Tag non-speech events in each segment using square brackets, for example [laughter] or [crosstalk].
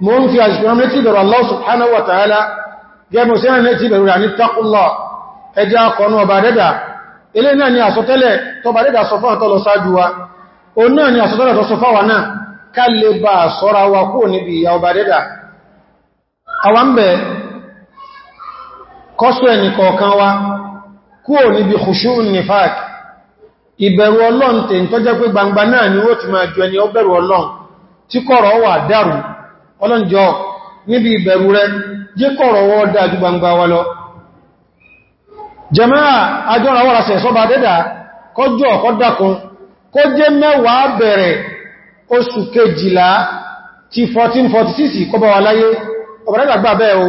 mo ń fi àṣìkò létí ìbẹ̀rù Allah subhanahu wa ta'ala gẹ́gbọ́n sí ẹ̀rìn létí ìbẹ̀rù ní takúnlọ ẹjá akọ̀nù ọba dẹ́dà ilé náà ni àsọtẹ́lẹ̀ tó bá dẹ́dà sọfá àtọ́lọ sáájú wa o náà ni àsọtẹ́lẹ̀ tó sọfá wa náà ká lè bá sọ́ra wa kó níbi ìyà ọba dẹ́dà tí kọ̀rọ̀ wà dárùn ọlọ́njọ́ níbi ìbẹ̀rù rẹ jẹ́ kọ̀rọ̀ wọ́ dájú gbangba wa lọ jẹmáà ajọ́ra wọ́ra sẹ̀ sọ́bà dẹ́dà kọjọ́ kọ́dàkùn kó jẹ́ mẹ́wàá bẹ̀rẹ̀ oṣù kejìlá ti 1446 kọba wà láyé ọ̀bẹ̀rẹ́gbàgbà bẹ́ẹ̀ o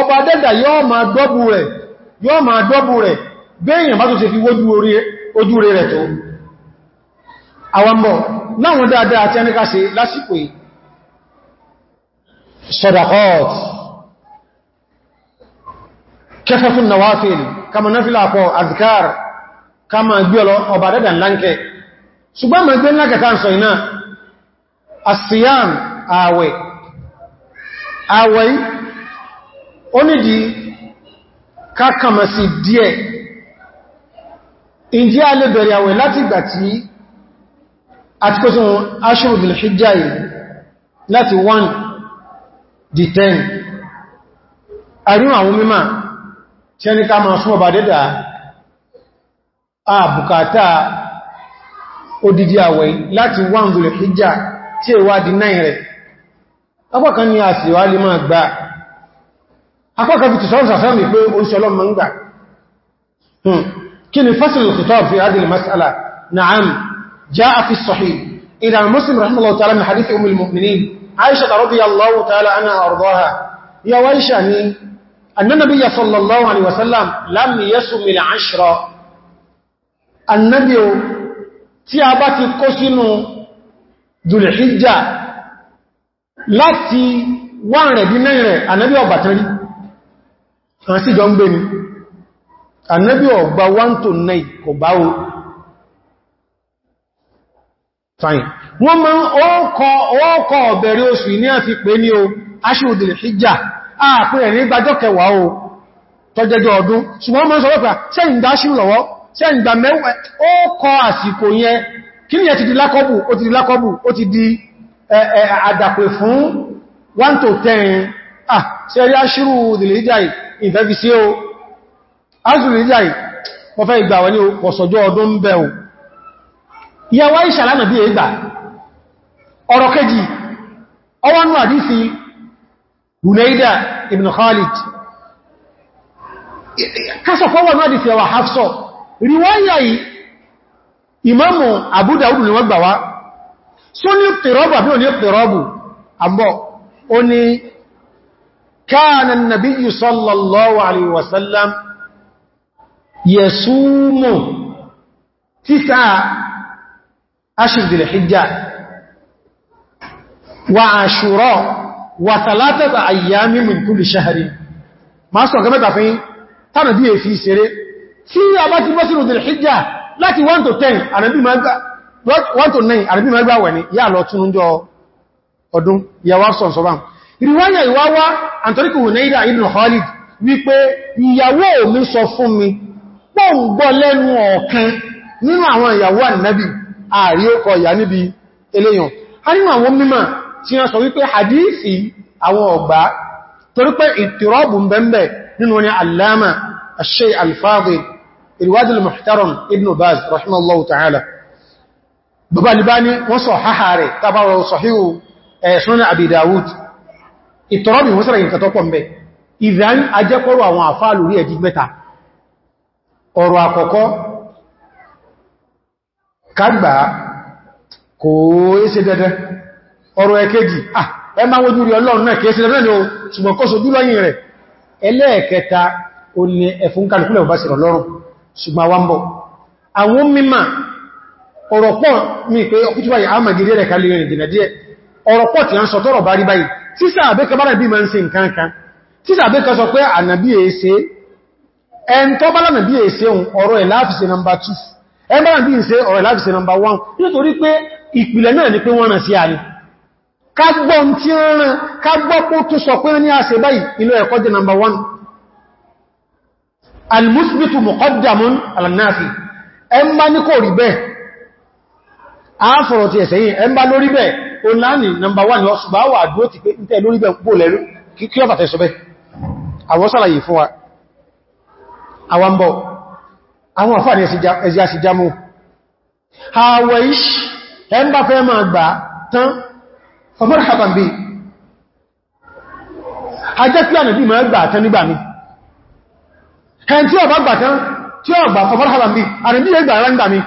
ọba dẹ́dà yóò máa dọ́bù rẹ̀ yóò máa dọ́bù rẹ̀ béèyàn bá tó ṣe fi ojú rẹ̀ rẹ̀ tó àwọ̀mọ̀ láwọn dáadáa tí a ní ká ṣe lásìkò sọ̀dàkọ́ọ̀t kẹfẹ́fún nawafil kama náfílà pọ̀ azkar kama gbí ọba dẹ́dà lánkẹ ṣùgbọ́n ma gbé lákàtà sọ iná asiyam ó di kákàmà sí díẹ̀ ìjí a lè bẹ̀rẹ̀ àwẹ̀ láti ìgbà tí àti kó sún aṣírù bil hijjá yìí láti 1 di 10 àríwá àwọn mímọ̀ tí ẹni ká máa súnmọ̀ bá dédà a bukata odidi àwẹ̀ láti 1 bil hijjá tí èwà di 9 rẹ̀ ọpọ̀ kan ni a sì wá lè máa gbáà akọ́kọ́ fi ti sọ́rọ̀ sàṣẹ́mì pé oríṣẹ́lọ́ ma ń gbà hmm. kí ni fásilì kìtọ́ fi adìl masala na'am já a fi sọ̀hí ìdá muslim rahimallahu ta'ala min hadithi umul mu'minin aisha ta radiyallahu ta'ala ana ardaha ya waisha ni annabiyya sallallahu alaihi wasallam lam yasum il ashra annabiyo tí a bá ti kó sínú dulhijja láti wọ́n rẹ̀ bí mẹ́rin rẹ̀ annabi ọgbàtán kan sí jọ ń gbé ni ànábì ọ̀gbà 1 to 9 kò bá o fine wọ́n ma ọkọ̀ ọ̀bẹ̀rẹ̀ oṣù ní àti pé ní o aṣíòdìlẹ̀ hijjá ààpẹ́ ẹ̀rin gbájọ́ kẹwàá o tọ́jẹjọ ọdún ṣùgbọ́n mọ́ sọ́rọ̀ pẹ̀ sẹ́yìndá ṣíù lọ́wọ́ sẹ́yìndá mẹ́wẹ́ ó kọ àsìkò yẹn kí ni ẹ ti di lákọ́bù ó ti di lákọ́bù ó ti ah ṣe ya aṣírù ìdìlẹ̀jáì ìfẹ́fi sí o aṣírìlẹ̀jáì wọ́n fẹ́ ìgbà wọ́n ní o ọdún ń bẹ̀ o ìyàwó ìṣàlánà bí ìgbà ọ̀rọ̀ kejì ọwọ́nú àdífi Hunaida ibn Khalid kásọ̀fọ́wọ́nú àdífi ọwà Hafsa riwáyà Imamu Abu Dawud ni wọ́n gbà wá só ní pẹ̀rọ́bù كان النبي صلى الله عليه وسلم يصوم تسعة أشر ذي الحجة وعشراء وثلاثة أيام من كل شهر ما سوى كما تعفين ترى دي في سيري tí a bá ti bọ́sí ròdìrì hijjá láti 1 to 10 àrẹ́bí ma gbá 1 to 9 àrẹ́bí ma gbá wẹ̀ يا yà lọ ríwáyà ìwáwá àntoríkù Hunayra ibn Khalid wípé ìyàwó mi sọ fún mi pọ́ ń gbọ́ lẹ́nu ọ̀kan nínú àwọn ìyàwó ànábì ààrí ọkọ̀ ìyà níbi eléyàn a nínú àwọn mímọ̀ tí wọ́n sọ wípé hadisi àwọn ọ̀gbá torí pé ìtìrọ́bù bẹ̀m̀bẹ̀ nínú ni alama ash-Shaykh al-Fadil al-Wadi al-Muhtaram Ibn Baz rahimahullahu ta'ala bàbá wọ́n sọ háhà rẹ̀ tàbáwọ̀ sọ̀híhù ẹ̀ṣùn eh, Abi Dawud ìtọ̀rọ̀bì wọ́n sẹ́rẹ̀ ìkàtọ́ pọ̀ mẹ́ ìdán ajẹ́kọ́rọ̀ àwọn àfáà lórí ẹ̀dí mẹ́ta ọ̀rọ̀ àkọ́kọ́ kàgbà kò ése dẹ́dẹ́ ọ̀rọ̀ ẹ̀kejì ah ẹ máa wojú rí ọlọ́run náà kìí ṣe ni o ṣùgbọ́n kó sojú lọ́yìn rẹ̀ ẹlẹ́ẹ̀kẹta o ní ẹ̀fún kàlùkùlẹ̀ ọba sẹ̀rọ̀ lọ́rùn ṣùgbọ́n wá ń bọ̀ àwọn mímà ọ̀rọ̀ pọ̀ mi tí a ń sọ tọ́rọ̀ bá rí báyìí sísà àbẹ́kọ bára bí ma ń ṣe nǹkan kan sísà àbẹ́kọ sọ pé ànàbí èése ẹn tó bá lánàbí èése ọ̀rọ̀ ẹ̀ láàfisẹ̀ nọmbà 2 ẹn bá lánàbí èése ọ̀rọ̀ ẹ̀ láàfisẹ̀ nọmbà 1 nítorí pé ìpìlẹ̀ náà ni pé wọ́n rán sí àrí kagbọ́n tí ó rán kagbọ́ kó tó sọ pé ní àṣẹ báyìí ilé ẹ̀kọ́ jẹ́ nọmbà 1 almusbitu muqaddamun alannafi ẹn bá ní kò rí bẹ́ẹ̀ á fọ̀rọ̀ ti ẹ̀sẹ̀yìn o láàrin nọmbà wà ní ọ̀ṣùgbà wà dúó ti pé ìtẹ́ lórí bẹ̀ bó lẹ́rú kí ọ̀fà tẹ́sọ bẹ́ àwọn sàlàyé fún wa àwọn bọ̀ àwọn àfà ní ẹ̀sì àṣìjámú àwẹ̀ iṣ ẹmbà fẹ́ máa gbà tán ọmọdé àbàmbì ajẹ́ pí ànàbí máa gbà tán nígbà mi ẹn tí ọba gbà tán tí ọba ọmọdé àbàmbì ànàbí yẹ gbà rán gbà mi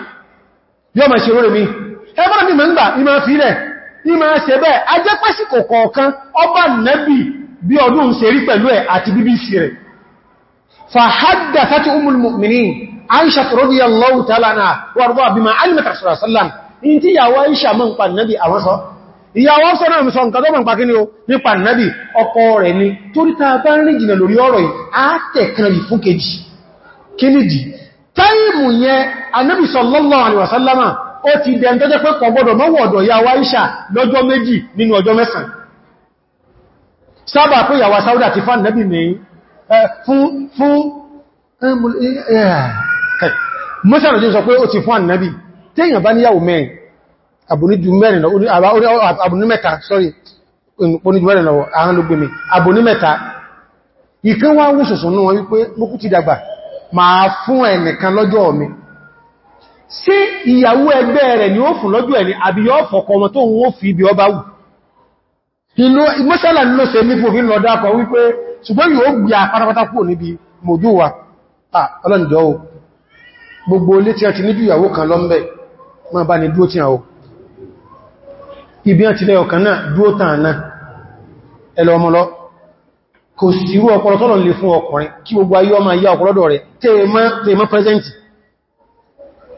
yóò máa ṣe orí mi ẹgbọ́n mi máa ń gbà ní máa fi ilẹ̀ ní máa ṣe bẹ́ẹ̀ ajẹ́pẹ́sìkò kọ̀ọ̀kan ọba nẹ́bì bí ọdún ṣe rí pẹ̀lú ẹ̀ àti bbc rẹ̀ fàhádàtàtì umul mu'minin aisha radiyallahu ta'ala anha warḍaha bima alimat rasulullah sallam in ti yàwó aisha mọ́ ń pa nẹ́bì àwọn sọ ìyàwó sọ náà sọ nǹkan tó mọ̀ pàkí ni ó nípa nẹ́bì ọkọ rẹ̀ ni torí ta bá ń rìn jìnà lórí ó ti dẹ̀ tó jẹ́ pé kò gbọdọ̀ ọ̀dọ̀ ya wá ìṣà lọ́jọ́ méjì nínú ọjọ́ mẹ́sàn sábà pé yàwà sáúdà ti fà nẹ́bì mẹ́yìn fún fún sọ pé ó ti fún ànẹ́bì téèyàn bá níyàwó mẹ́rin àbòníjú mẹ́rin sorry náà wípé ti dàgbà máa fún ẹnìkan lọ́jọ́ mi sí ìyàwó ẹgbẹ́ rẹ̀ ni ó fún lọ́jọ́ ẹni àbí yọ́ fọ̀kọ̀ wọn tó wọ́n fi ibi ọba wù mọ́sálà ló se ní fún òfin lọ́dá kan wípé ṣùgbọ́n yóò gbì àpárápátá kúrò níbi mòjú wa ọlọ́nìdọ́ o gbogbo ilé tí a ti níjú ìyàwó kan lọ́mbẹ̀ máa bá ní o ibi a ti lẹ́ ọ̀kan náà dúó tàn náà ẹlọ ọmọlọ kò sí irú ọpọlọ tọ́lọ̀ lè fún ọkùnrin kí gbogbo ayé ọmọ ayé ọpọlọdọ̀ rẹ̀ tẹ́ẹ̀mọ́ pẹ́sẹ́ntì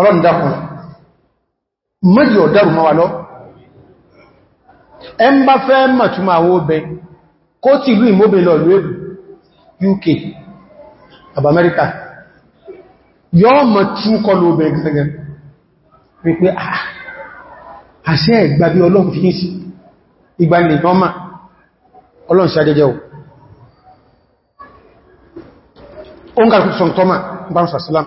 ọlọ́run dákùn méjì ọ̀dọ́rùn mọ́ wa lọ ẹ ń bá fẹ́ màtúmà owó bẹ kó tí ìlú ìmóbe lọ lóòrù UK àbà Amẹ́ríkà yọ́ mọ̀ tún kọlu obìnrin gẹ́gẹ́ wípé ah, àṣẹ ìgbà bí ọlọ́run fi ń sí ìgbà ní ọlọ́run sí ajẹ́jẹ́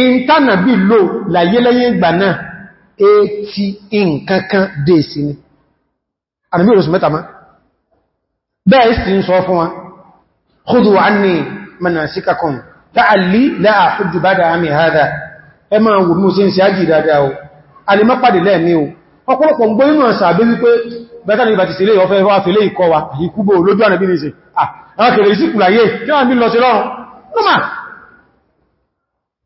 ìntànàbí lò láyé lẹ́yìn ìgbà náà ètì e ìǹkankan dèsì ni ànàbí òrùsù mẹ́ta má bẹ́ẹ̀ sì ń sọ fún wa khudhu anni manasikakum ta'alli la ahujju ba'da ami hadha ẹ máa wò mú sí ń sí ájì dáadáa o alìmọ́pàdé lẹ́ẹ̀mí o ọ̀pọ̀lọpọ̀ ń gbóyún náà sàbí wípé bẹ́tà ní ìbàtí sílé ọ̀fẹ́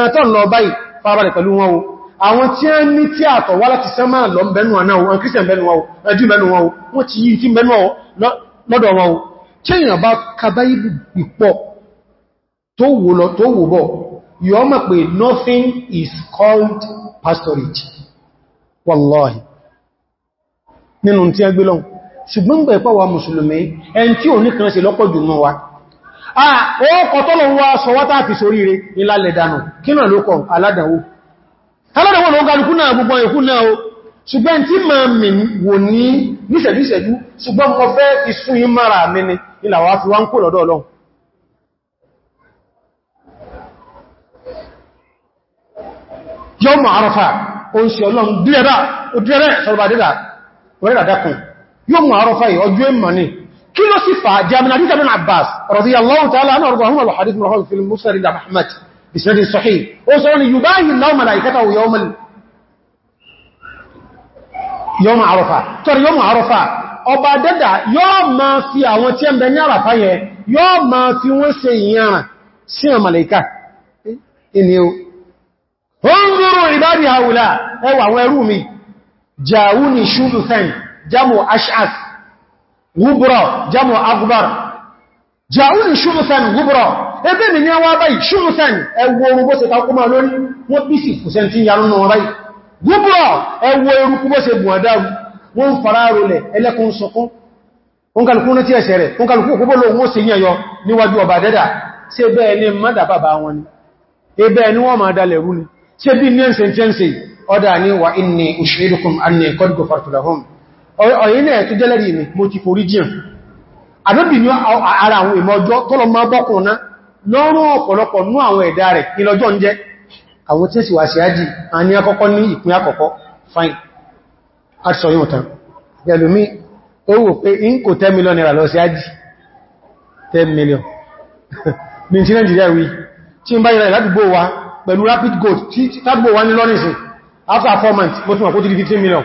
ẹ̀tọ́ eh, lọ báyìí farabalẹ̀ pẹ̀lú wọn o àwọn tí a ní tí àtọ̀ wá láti sẹ́mà lọ bẹnu àná o kírísìtàn bẹnu wọn o ẹjú bẹnu wọn o wọ́n ti yí tí bẹnu lọ́dọ̀ wọn o tí èyàn bá kabáyí pípọ̀ tó wò lọ tó wò bọ̀ yọ mọ̀ pé nothing is called pastorage wallahi nínú tí a gbé lọ ṣùgbọ́n gbẹ̀ pàwà mùsùlùmí ẹn tí ò ní kan ṣe lọ́pọ̀ jù mọ́ wa ọkọ̀ tọ́lọ̀ wá sọ wátà fi sórí rẹ̀ ìlàlẹ̀ dànù kí náà ló kọ̀ aládàwó aládàwó ló ń náà gbogbo ẹ̀kú náà o ṣùgbọ́n tí ma mì wò ní níṣẹ̀díṣẹ̀dú ṣùgbọ́n mo fẹ́ ìsún ìmára mi ni ìlàwà fi wá ń kò lọ́dọ̀ Ọlọ́run yọ́mọ̀ àrọ̀fà oun sí Ọlọ́run dírẹ́rẹ́ sọ̀rọ̀bàdẹ́dà kí ló sì fàá jẹ́ àmìnà àdíjà lónà Abbas radiyallahu ta'ala anhu ọ̀rọ̀gbọ̀n àwọn hadith mọ̀hálù fil musnad ìdá Ahmad bisnadin sahih ó sọ ni yubahi náà malaikata yawma Arafa tọ́rọ yawma Arafa ọba dẹ́dà yóò ma fi àwọn tí ẹmbẹ̀ ní àràfá yẹ yóò ma fi wọ́n ṣe ìyàrá sí àwọn malaika inú haula ẹwà àwọn ẹrù mi jàúni ṣúlùfẹ́n jamu ash'as gúbùrọ̀ jámù agubar jàúnì ṣúrùsàn gúbùrọ̀ ẹgbẹ́ mi ní a wá báyìí ṣúrùsàn ẹwọ orúgbó se takúmà lórí wọ́n bí sí fùsẹ̀n tí yàrún náà báyìí gúbùrọ̀ ẹwọ orúgbó se buwadaru wọ́n fara rọlẹ̀ ẹlẹ́kùn sọkún wọ́n kàlùkù ní tí ẹsẹ̀ rẹ̀ wọ́n kàlùkù kúbọ̀ lóòwò wọ́n se yíyàn níwájú ọba dẹ́dà ṣe bẹ́ẹ̀ ni mọ́dà bàbá wọn ni ọ̀yìn náà tó jẹ́lẹ̀rí mi mo ti forí jíyàn àdóbì ní ara àwọn ìmọ̀jọ́ tó lọ máa bọ́kùn ná lọ́rún ọ̀pọ̀lọpọ̀ ní àwọn ẹ̀dá rẹ̀ ìlọ́jọ́ ń jẹ́ àwọn tí sì wà sí ájì fine àṣọ yóò tán gẹ̀lùmí ó wò pé in kò 10 million naira lọ sí ájì 10 million [laughs] ní wa pẹ̀lú rapid gold tí tàbí wà ní lọ́nìsìn after four months mo tún wà kó ti di 15 million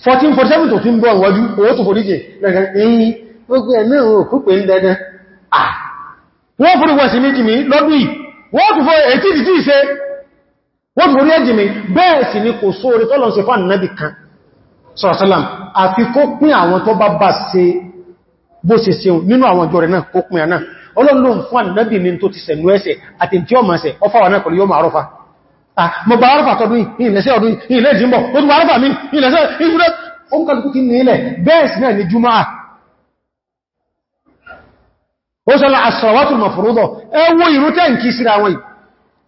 1447 tó fi ń bọ́ ìwọ́jú owó tó foríkè lẹ́gbẹ̀ẹ́ ẹ̀yìn gbogbo ẹ̀mí òun òkú pé ń dẹ́dẹ́ wọ́n fórí wọ́n sí méjì mi lọ́dún yìí wọ́n tó fọ́ ètí ìdí ìṣẹ́ wọ́n tó forí ẹjì mi bẹ́ẹ̀ sì ni kò sóore tọ́lọ̀n se fán náàbì kan sọ̀rọ̀sọ́lám àfi kó pín àwọn tó bá bá se bó se seun nínú àwọn ìjọ rẹ̀ náà kó pín àná ọlọ́run ló ń fún ànábì ní tó ti sẹ̀nú ẹsẹ̀ àti tí ọmọ ẹsẹ̀ ọfà wà náà pẹ̀lú yóò máa rọ́fà Ah, mo bá arọ́fà tọdún ìlẹ́sẹ̀ ọdún ilẹ̀ ìjìnbọ̀ ó tún arọ́fà mi ìlẹ́sẹ̀ ìfúnlẹ̀ oún kàlùkù kí ní ilẹ̀ bẹ́ẹ̀ sí náà ní jùmáà ó sọ́lá àṣàwátù mọ̀fúrúdọ̀ ẹwọ́ ìrú tẹ́ǹkì síra wọ́n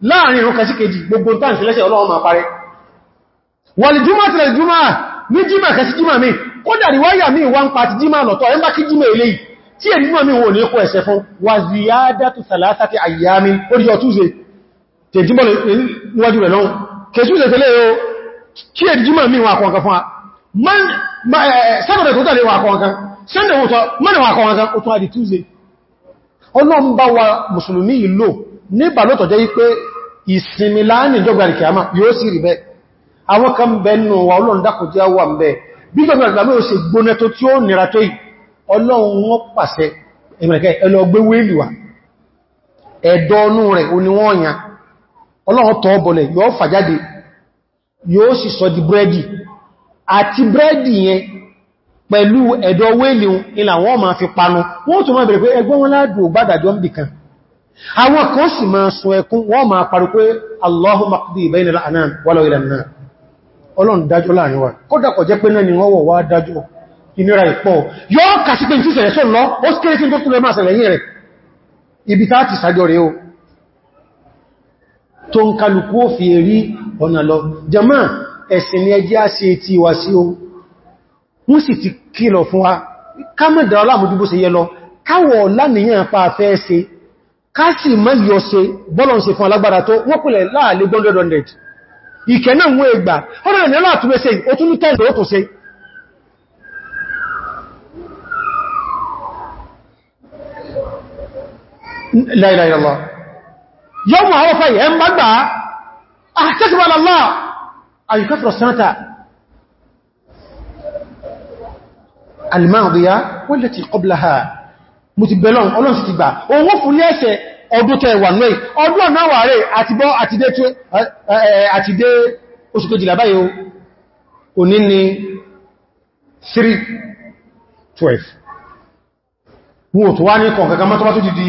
láàrin ìrún kẹsí kejì gbogbo tán sí lẹ́sẹ̀ ọlọ́run máa parẹ́ wàlì jùmọ́ tilẹ̀ jùmọ́ ní jímà kẹsí jímà mi kó dàrí wáyà mi wá ń pa ti jímà lọ́tọ̀ ẹ bá kí jímà ilé tí èdè jímà mi wò ní kó ẹ̀sẹ̀ fún wà ziyádátù sàlátàtì àyàmí orí ọtúzẹ̀ tèjímọ̀ níwájú rẹ̀ lọ́wọ́ kèsù ìsẹ̀ tẹ́lẹ̀ yóò kí èdìjímọ̀ mi wà kọ̀ọ̀kan fún a sẹ́dọ̀rẹ̀ tó tẹ̀lé wà kọ̀ọ̀kan sẹ́ndẹ̀ wọ́n tọ́ mẹ́rin wà kọ̀ọ̀kan ó tún àdì Tuesday ọlọ́run bá wa mùsùlùmí ìlò nígbà ló tọ̀jẹ́ wípé ìsinmi láàrín ìjọba a nira ọ ọlọ́run tọ́ bọ̀lẹ̀ yóò fàjáde yóò sì sọ di búrẹ́dì àti búrẹ́dì yẹn pẹ̀lú ẹ̀dọ̀ wéèlìun ilà wọ́n ma fi panu wọ́n tó máa bẹ̀rẹ̀ pé ẹgbọ́n wọn ládùn gbádàjọ́ ń bìkan àwọn kan sì máa sọ ẹkún wọ́n máa parí pé Allahumma qdi anam tó ń kálukú ó fi rí ọ̀nà lọ jàmá ẹ̀sìn ni ẹjẹ́ á sí etí sí o wọ́n sì ti kìlọ̀ fún wa ká mẹ́dà ọlámùdúgbò se yẹ lọ káwọ̀ láníyàn pa ṣe ká sì mọ́ yọ ṣe fún alagbada otu la yọ́mù àwọ́fà yẹ ń gbàgbà àtẹ́sìwàlọ́lá àyíkọ́tọ̀ sánátà alìmáàdìyà wọ́n lè ti kọ́bla ha mú ti belong ọlọ́n sì ti gbà owó fún ní ẹsẹ̀ ọdún tẹwà náà ọdún náwà rẹ̀ àti bọ́ àti dé oṣù kejìlá báyìí òní ni 3 12 wọ́n tó wá ní kọ̀ọ̀kẹ́kẹ́ mọ́tọ́mọ́tọ́ dìdí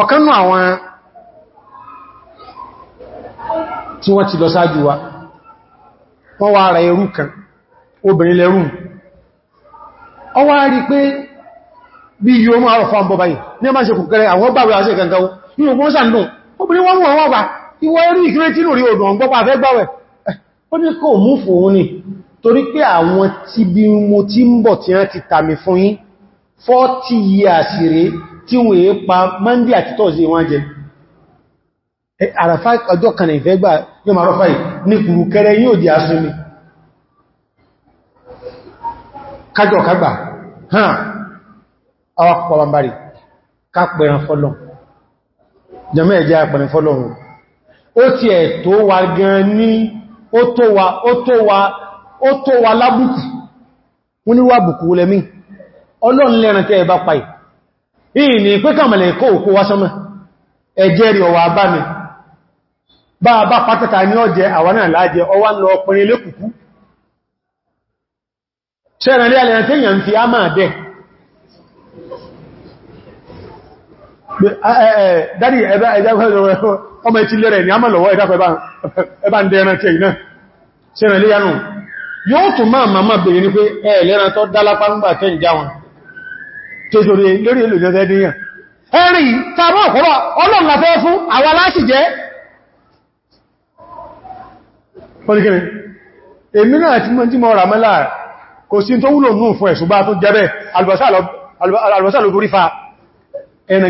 ọ̀kanú àwọn tí wọ́n ti lọ sáájú wa wọ́n wá ara ẹrù kan obìnrin lẹ́rú ọ wá rí pé bí i yóò máa rọ̀fà bọ́ báyìí ní ọmọ ìṣẹ́kù kẹrẹ àwọn bàbá àṣẹ ìkẹ̀kẹ̀wó ní ogun obìnrin wọ́n mú àwọn tí lórí gbáwẹ̀ ó ní kò mú fòun ni torí pé àwọn tí bí mo ti ń bọ̀ tí wọ́n ti tàmì fún 40 years rèé tí wọ́n èé pa mọ́ndí àti tọ́ọ̀sí wọ́n jẹ àràfá ọjọ́ kan ìfẹ́ gbà yóò máa rọ́fà ní kùrùkẹrẹ yóò di asúnmi kájọ kagbà hàn àwọn pọ̀bàmbàrí kápẹ̀rẹ̀ fọ́lọ̀ jẹmọ́ ẹ̀jẹ́ àpẹ̀rẹ̀ ó ti ẹ̀ tó wa gan ní ó tó wa wa lábùkù wọ́n ni wà bùkù lẹ́mí ìyìn ni pé kàmàlẹ̀ kó òkú wá sánmà ẹjẹ́ rí ọwà bá mi bá bá pátátà ní ọjẹ́ àwọn náà láàjẹ ọwá lọ ọpẹrin lékùkú ṣẹ́rẹ̀lẹ́ alẹ́ tí èyàn fi á máa dẹ̀ ọmọ ni a mọ̀ lọ́wọ́ ẹ̀dá ẹbá ń dẹ̀ẹ̀rẹ̀ tẹ̀ tètòrè lórí èlò ìjọdẹ́ díyàn ẹ̀rì tàbí ọ̀pọ̀lọ̀ ọlọ́nà fẹ́ fún àwọn aláṣì jẹ́ pọ̀lìkìrì èmi náà tí mọ́ tí mọ́ rà mẹ́lá kò sí tó wúlò nù fún ẹ̀ṣùgbá tó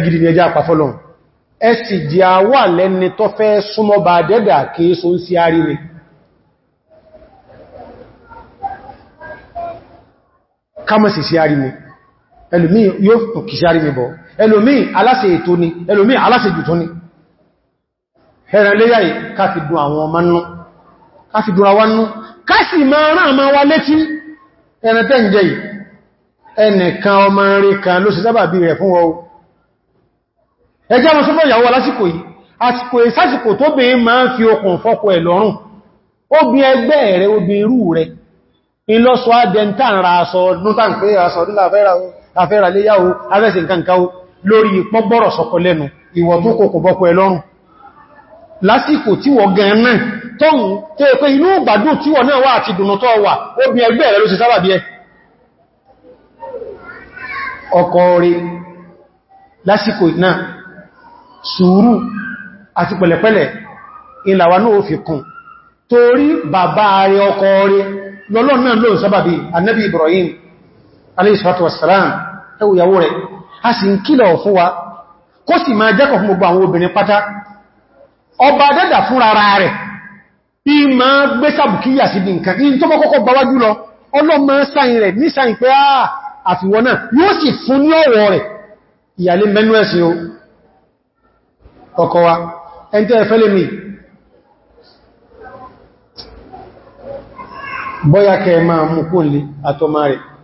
gidi ní ẹjá pàfọ́lọ̀ ẹ̀sì jẹ́ àwà lẹ́ni tó fẹ́ súnmọ́ bá ẹlòmí yóò kìsàrí mi bọ̀ ẹlòmí aláṣẹ ètò ni ẹlòmí aláṣẹ jù tó ni ẹran léyà káfi dùn àwọn ọmọ nú káfi dùn àwọn nú kásì máa rán àmà wa létí ẹran tẹ́ ń jẹ yìí ẹnìkan ọmọ rẹ̀ kan ló ṣe sábàbí rẹ̀ fún wọn ẹjẹ́ wọn sọ́fọ́ ìyàwó alásìkò yìí àsìkò ìsásìkò tó bèé máa ń fi okùn ẹgbẹ́ rẹ̀ obì irú rẹ̀ ìlọ́sọ́ adẹ́ntà ń ra aṣọ nútàǹkì aṣọ nílàfẹ́ra wọn afẹ́ra lé yáwó afẹ́sì nkankanwó lórí pọ́gbọ́rọ̀ sọ̀kọ̀ lẹ́nu ìwọ̀ tó kòkò bọ́kọ̀ ẹlọ́run lásìkò tí wọ gan-an tọ́hun tó ẹ̀kọ́ inú gbádùn tí wọ náà wà àti dùnútọ́ wà obì ẹgbẹ́ rẹ̀ ló sì sábàbí ẹ ọkọ rí lásìkò náà sùúrù àti pẹ̀lẹ̀pẹ̀lẹ̀ ìlàwà náà fi kún Ibrahim aléìsọ́tọ̀ wàsàlám ẹwù ìyàwó rẹ̀ a sì ń kílọ̀ fún wa kó sì máa jẹ́kọ̀ fún gbogbo àwọn obìnrin pátá ọba dẹ́dà fún rárá rẹ̀ bí ma gbé sàbùkíyà sí nǹkan in tó mọ́kọ́kọ́ bá wájú lọ ọlọ́mọ sáyìn rẹ̀ ní sáyìn pé àfiwọ́ náà yóò sì fún ní ọ̀wọ̀ rẹ̀ ìyàlé mẹ́nu ẹ̀sìn o ọkọ wa ẹn mi bọ́yá kẹ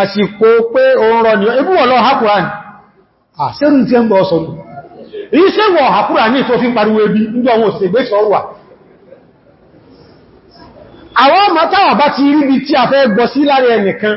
àsìkò pé òun rọ ni ibúwọ̀ lọ hapura ní àṣírù tí ń bọ̀ ọ̀sọ̀rọ̀ yìí ṣe wọ̀ hapura ní tó fi ń pariwo ebi ní ọwọ́ òṣègbé sọ́rọ̀wà àwọn mátàwà bá ti rí bí tí a fẹ́ gbọ́ sí lára ẹnìkan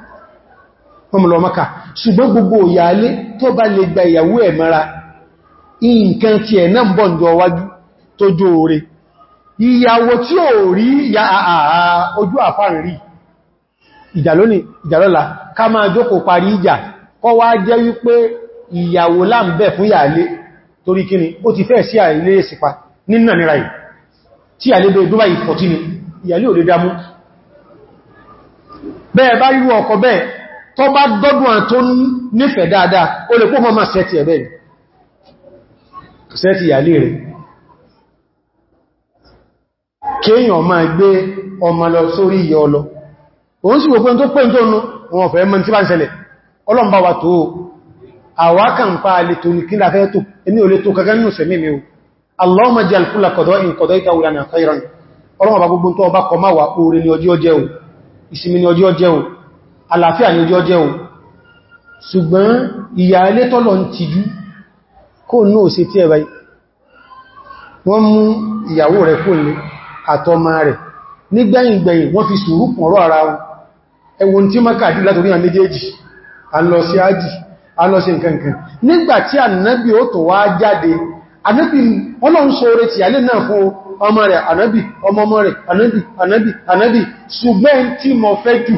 wọ́n maka ṣùgbọ́n gbogbo ìyàálé tó bá lè gba ìyàwó ẹ̀ mara nǹkan tí ẹ̀ náà wájú tó jó oore ìyàwó tí ó rí ya ojú àfáàrí ìjàlónì ìjàlọ́la ká máa jókò parí ìjà kọ́ wá jẹ́ wípé ìyàwó fún torí kíni ó ti fẹ́ sí nira yìí tí ìyàlé dámú bá ọkọ̀ bẹ́ẹ̀ tó bá dọ́dún àtó nífẹ̀ẹ́ dáadáa o lè pọ́ mọ́ sẹ́tì ẹ̀bẹ̀ sẹ́tì ìyàlé rẹ̀ kéèyàn máa gbé ọmọ lọ sórí ìyẹ ọlọ òun sì wòpin tó pẹ́ tónú wọn ọ̀fẹ́ mọ́ tí bá ń ṣẹlẹ̀ ọlọ́mbà tó àwákànpá tó o ní àkọ́ ìrọ̀nì tó ọba àlàáfíà ní ojú ọjẹ́ o ṣùgbọ́n ìyà ilé tọ́lọ ń tijú kó ní òsè tí ẹ̀bá wọ́n mú ìyàwó rẹ̀ kó lè àtọ́mà rẹ̀ nígbẹ̀yìngbẹ̀yìn wọ́n fi sùúrù pọ̀rọ̀ ara wọn ẹwọ́n tí má kàdí látorí àwọn méjèèjì alọ́sí ájì alọ́sí nkankan nígbàtí ànábì ó tó wá jáde ànábì ọlọ́run sóore tí alé náà fún ọmọ rẹ̀ ànábì ọmọ rẹ̀ ànábì ànábì ànábì tí mo fẹ́ jù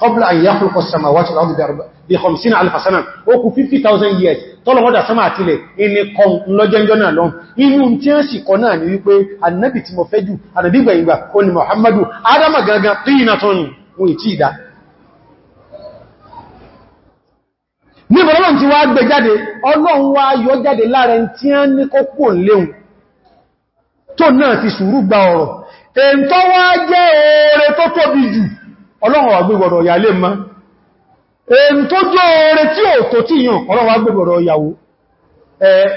قبل أن يخلق السماوات والأرض بخمسين ألف سنة ó kù 50,000 years tọ́lọ̀ wọ́dà sánmà àtílẹ̀ inú kan lọ́jẹ́jọ́ náà lọ inú tí ó sì kọ náà ni wípé annabi tí mo fẹ́ jù annabi gbẹ̀yìngbà ó ni Muhammadu adama gangan tíyìnà tó ní wọ́n ìtí ìdá ní ìbọ̀lọ́wọ́n ti wá gbé jáde ọlọ́run wá yọ jáde láàrin tí ó ní kó pò léhun tó náà fi sùúrù gba ọ̀rọ̀ èntọ́wọ́ jẹ́ oore tó tóbi jù ọlọ́run agbégbọ̀rọ̀ ìyà lè máa èyí tó jọ oore tí ò tó tí yàn ọlọ́run agbégbọ̀rọ̀ ìyàwó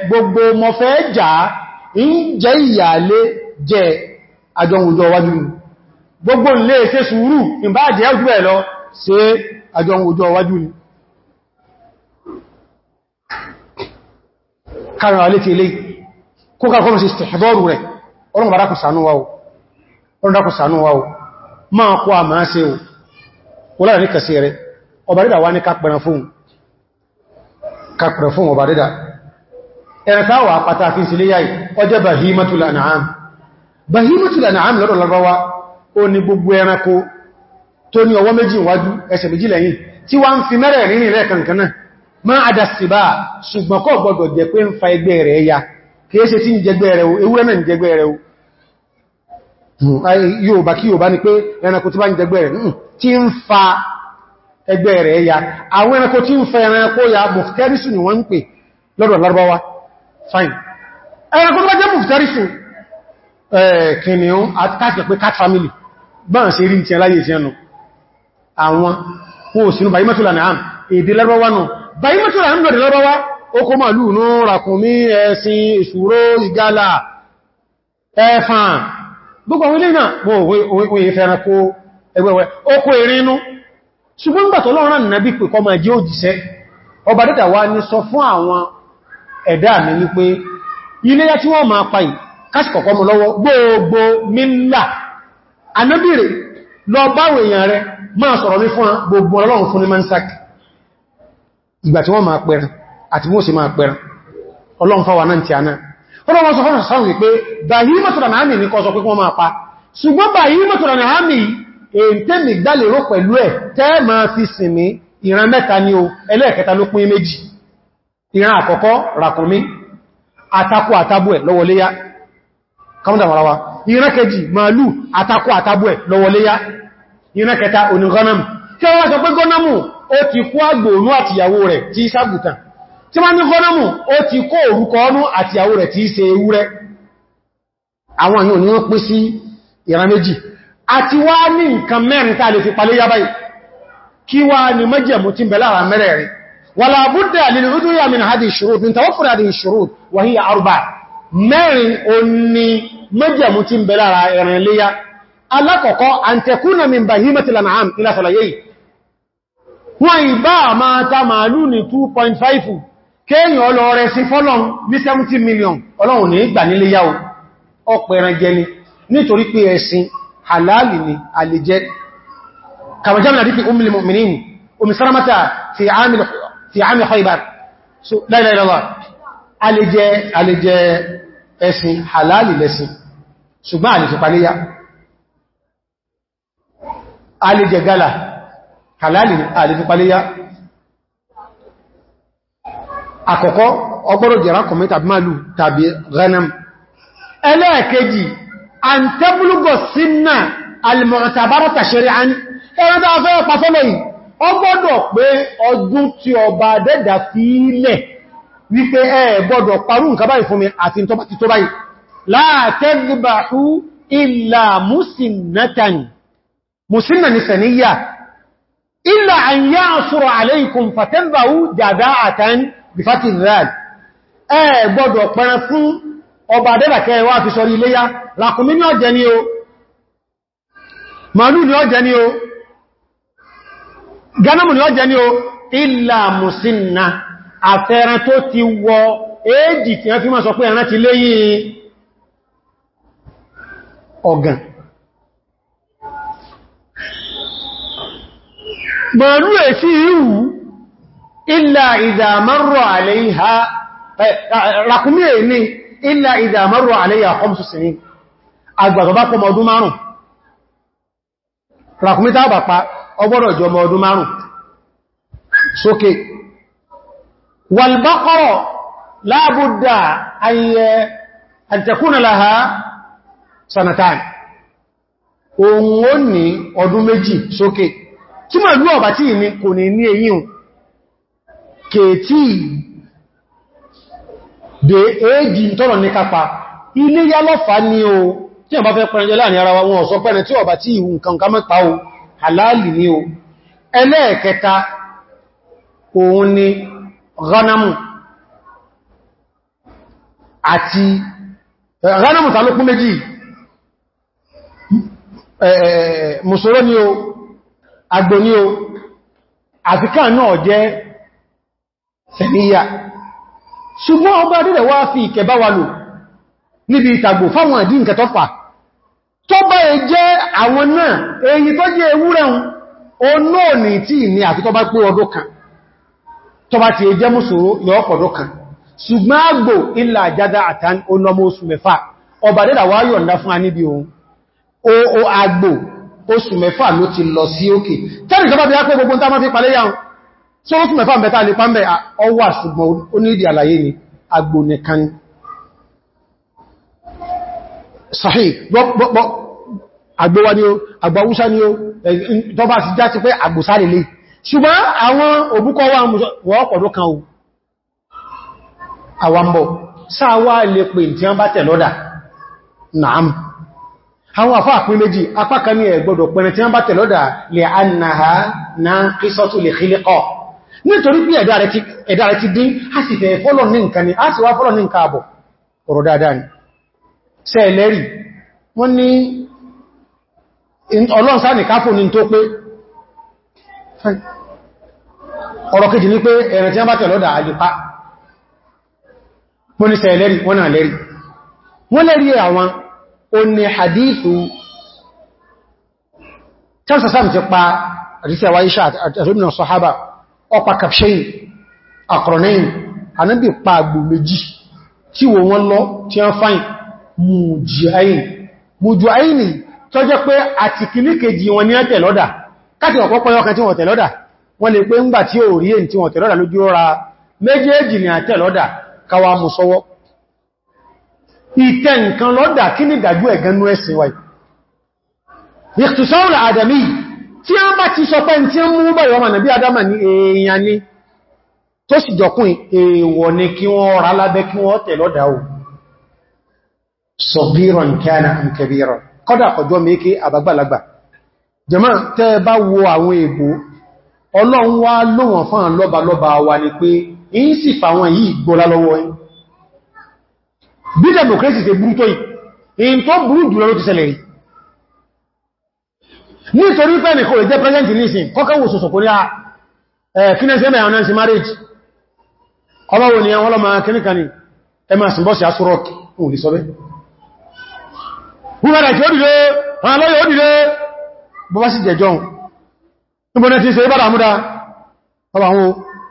gbogbo mọ̀fẹ́ jà ń jẹ ìyà jẹ àjọ̀wòjọ́ wájú gbogbo lè ṣe sùúrù lè tẹ́lé kókàkọ́nà sí ìtẹ̀ẹ̀dọ́rù rẹ̀ o wọ́n láàrin kàsí rẹ̀ ọba dídà wá ní kápẹ̀rẹ̀ fún ọba dídà ẹ̀rẹ̀sáwà pàtà fi sílé yáì ọjẹ́ bahimatul an'am bahimatul an'am lọ́dọ̀ lọ́rọ̀wá ó ní gbogbo ẹranko tó ní ọwọ́ méjì wájú ẹsẹ̀ méjì lẹ́yìn tí wá ń fi mẹ́rẹ̀ rìnrìn rẹ̀ kankaná máa adàsìbá ya kìí ṣe tí ń jẹgbẹ́ rẹ̀ ewúrẹ́ náà ń Hmm. yóòbá kí yóòbá ni pé ẹranko tí bá ń jẹgbẹ́ rẹ̀ hmm, tí ń fa ẹgbẹ́ rẹ̀ ya àwọn ẹranko tí ń fa ẹranko ya mufterisu ni wọ́n ń pè lọ́dọ̀ Lárúbáwá fine ẹranko tó bá jẹ́ mufterisu eh, kìnìún àti káàkiri pé family gbọ́n sí rí ti aláyé ti ẹnu àwọn kó sínú bàímẹ́tùlà ní àm èdè Lárúbáwá nù bàímẹ́tùlà ń lọ́dẹ̀ Lárúbáwá ó kó màlúù nù ràkùnmí ẹṣin ìṣúró gbogbo àwọn ilé náà wọ́n òye fẹ́ran kó ẹgbẹ́wẹ́ okó erin inú ṣùgbọ́n gbà tọ́lọ́run rán nàbí pé kó máa jẹ́ ọba dẹ́ta wá ní sọ fún àwọn ẹ̀dá mi wípé iléyá tí wọ́n máa pàì kásìkọ̀kọ́ mú lọ́wọ́ gbogbo mílà anábìrì lọ ní gbogbo tí wọ́n máa ọlọ́wọ́n sọ fọ́nà sáwọn wípé bàyí mọ́tòrò náà ní kọ́ sọ pé wọ́n máa pa ṣùgbọ́n bàyí mọ́tòrò náà ní èntẹ́ mi dálérò pẹ̀lú ẹ̀ tẹ́ ma fi sinmi ìran mẹ́ta ni o ẹlẹ́ẹ̀kẹta ló pín méjì ìran àkọ́kọ́ ràkúnmí àtakò àtabú ẹ̀ lọ́wọ́léyá kọmọ́dàmọ́rawa ìran kejì màálù àtakò àtabú ẹ̀ lọ́wọ́léyá ìran kẹta onígọ́nàmù tí wọ́n sọ pé gọ́nàmù tí wọ́n ní gọ́nàmù ó ti kó orúkọ ọnú àti àwọ rẹ̀ tí í ṣe ewúrẹ́ àwọn yóò ní wọ́n pín sí ìran méjì àti wá ní nǹkan mẹ́rin tàà lè fi palé yá báyìí kí wá ní májẹ̀mú tí bẹ̀lá ara mẹ́rẹ̀ẹ̀rin wala budda lil udwiya min hadhihi shurut min tawaffur hadhihi shurut wa hiya arba'a mẹ́rin ó ní májẹ̀mú tí bẹ̀lá ara ila salayeyi wọ́n ìbá máa ta màálù ní 2.5 kéèyàn lọ rẹ̀ sí fọ́lọ̀n ní 70 million ọlọ́run ní ìgbà nílé yáò ọ̀pẹ̀ ẹran jẹ ni nítorí pé ẹ̀sìn halali ni àlejẹ́ kàwàjámìnà dípé umil mu'minin omisaramata fi àmì haibar so láìláìlọ́wà àlejẹ́ àlejẹ́ ẹ̀sìn halali lẹ́sìn ṣùgbọ́n àlejẹ́ paléyà àlejẹ́ gala halali àlejẹ́ paléyà àkọ́kọ́ ọgbọ́rọ̀ jẹ́ rákùnmí tàbí màálù tàbí ghanam ẹlẹ́ẹ̀kejì an tẹ́bùlùgọ̀ sínà alìmọ̀tàbárọ̀tà ṣeré án ẹran tó afẹ́ pàfẹ́lẹ̀ yìí ọgbọ́dọ̀ pé ọdún tí ọba dẹ́dà fílẹ̀ wípé ẹ gbọ́dọ̀ parú nǹkan báyìí fún illa musinnatan musinna ni saniyya illa an ya'sura alaykum bifati dhal ẹ gbọ́dọ̀ pẹran fún ọba adẹ́bàkẹ́ wá fi sọrí iléyá làkùnmí ní ọjẹ́ ni o màálù ní ọjẹ́ ni o ganamu ní ọjẹ́ ni o ìlà musina àfẹ́ran tó ti wọ éèdì tí a fi máa sọ pé ẹran ti léyìn ọ̀gàn màálù èsì ìrù ìlà ìdàmọ́rọ̀ àlẹ́yà ràkúnmí èmì ìlà ìdàmọ́rọ̀ àlẹ́yà kọmsù sí ní agbàtọ̀ bá ọdún márùn ràkúnmí tàbà pa ọgbọ́rọ̀ jọmọ ọdún márùn sókè ayẹ láha sanatan ohun ó ní ọdún méjì sókè tí mọ̀ ọ̀bá tí ìní kò kèétí dé èjì tọ́rọ ní kápa ilé yá lọ́fà ní o tí wọ́n bá fẹ́ pẹ̀rẹ̀ láàrin ara wọn ọ̀sọ́ pẹ̀rẹ̀ tí ọba tí ìwù nǹkan mẹ́ta o halali ni o ẹlẹ́ẹ̀kẹta òun ni ghanamu àti ghanamu ta ló kún méjì mùsùlùmí o àgbò ni o àfikà náà jẹ́ sẹ̀ríyà ṣùgbọ́n ọba adúrẹ̀ wá fi ìkẹbá wa lò níbi ìtàgbò fáwọn àdí nǹkan tọ́fà tó bá ẹ jẹ́ àwọn náà èyí tó jẹ́ ewúrẹ́ onóòní tí ní àti tó bá pé ọdún kan tó bá ti jẹ́ mùsùrú lọ́ọ̀pọ̀dún kan ṣùgbọ́n àgbò ilà àjádá àtàn olọmọ oṣù mẹ́fà ọba dẹ́dà wá yọ̀ǹda tí ó tún mẹ́fà mẹ́ta lè pàmbẹ̀ ọwà ṣùgbọ́n onílìdí àlàyé ni agbò nìkan sahih gbọ́gbọ́gbọ́ agbówá ni ó agbáwúsá ni ó tọba sí já ti pé agbòsá lè lè ṣùgbọ́n àwọn òbúkọ wà wọ́pọ̀dọ́ kan o àwambọ̀ sáwà lè pè tí wọ́n bá tẹ̀ lọ́dà naam àwọn àfá àpín méjì apá ẹ̀gbọ́dọ̀ pẹ̀rẹ̀ tí wọ́n bá tẹ̀ lọ́dà lè annaha na qisatu li khiliqa nítorí pé ẹ̀dà rẹ̀ ti dín a sì fẹ́ fọ́lọ̀ ní nǹkan ni a sì wá fọ́lọ̀ ní nǹkan àbọ̀ ọ̀rọ̀ dáadáa ni sẹ́ẹ̀lẹ́rì wọ́n ní ọlọ́nsáà ní káfò ní tó pé ọ̀rọ̀ kejì ní pé ẹ̀rẹ̀ tí wọ́n bá tẹ̀lọ́dà àlèpá ọpa kàfṣẹ́yìn àkọ̀rọ̀nẹ́yìn anábì pa àgbò méjì tí wò wọ́n lọ tí a ń fáyìn mùjì ayìn mùjù ayìn ni tó jẹ́ pé àti kìníkèjì wọn ní àtẹ̀lọ́dà káàkì ọ̀pọ̀ pẹ́yọkan tí wọ́n tẹ̀lọ́dà wọ́n lè pé ńgbà tí ò rí èyí tí wọ́n tẹ̀lọ́dà ni àtẹ̀lọ́dà káwà mú sọ́wọ́ ìtẹ́ nǹkan lọ́dà kí ní ìdájú ẹ̀gẹ́nú ẹ̀sìn tí a bá ti sọ pé tí a mú bẹ̀rẹ̀ ọmọ nàbí adama ní èèyàn ni tó sì jọkún èèwọ̀ ni kí wọ́n rà lábẹ́ kí wọ́n tẹ̀ lọ́dà o sọ̀bíràn kíánà kẹbíràn kọ́dà kọjọ́ méèké àbágbàlagbà tẹ́ bá wo àwọn èbò ọlọ́run wá fún nítorí pé nìkò rẹ̀ jẹ́ present nísìn kọ́kọ́wò sọ̀sọ̀ kò ní a kínesẹ́ mẹ́ àwọn ẹ̀sìn marriage ọlọ́wọ́ ni àwọn ọlọ́mà kíníkà ni ẹ máa sìn bọ́sì asúrọ̀kì òun lè sọ bẹ́ wúwẹ́rẹ̀ kí ó dìde àwọn alọ́yẹ̀ ó dìde bọ́bá sì jẹjọ́ níbọnẹ́ ti ṣe ìbára múdá ọba àwọn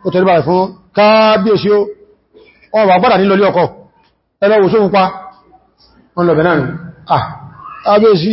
òtẹ̀lẹ́bà fún káàbíyèsí ó ah káàbíyèsí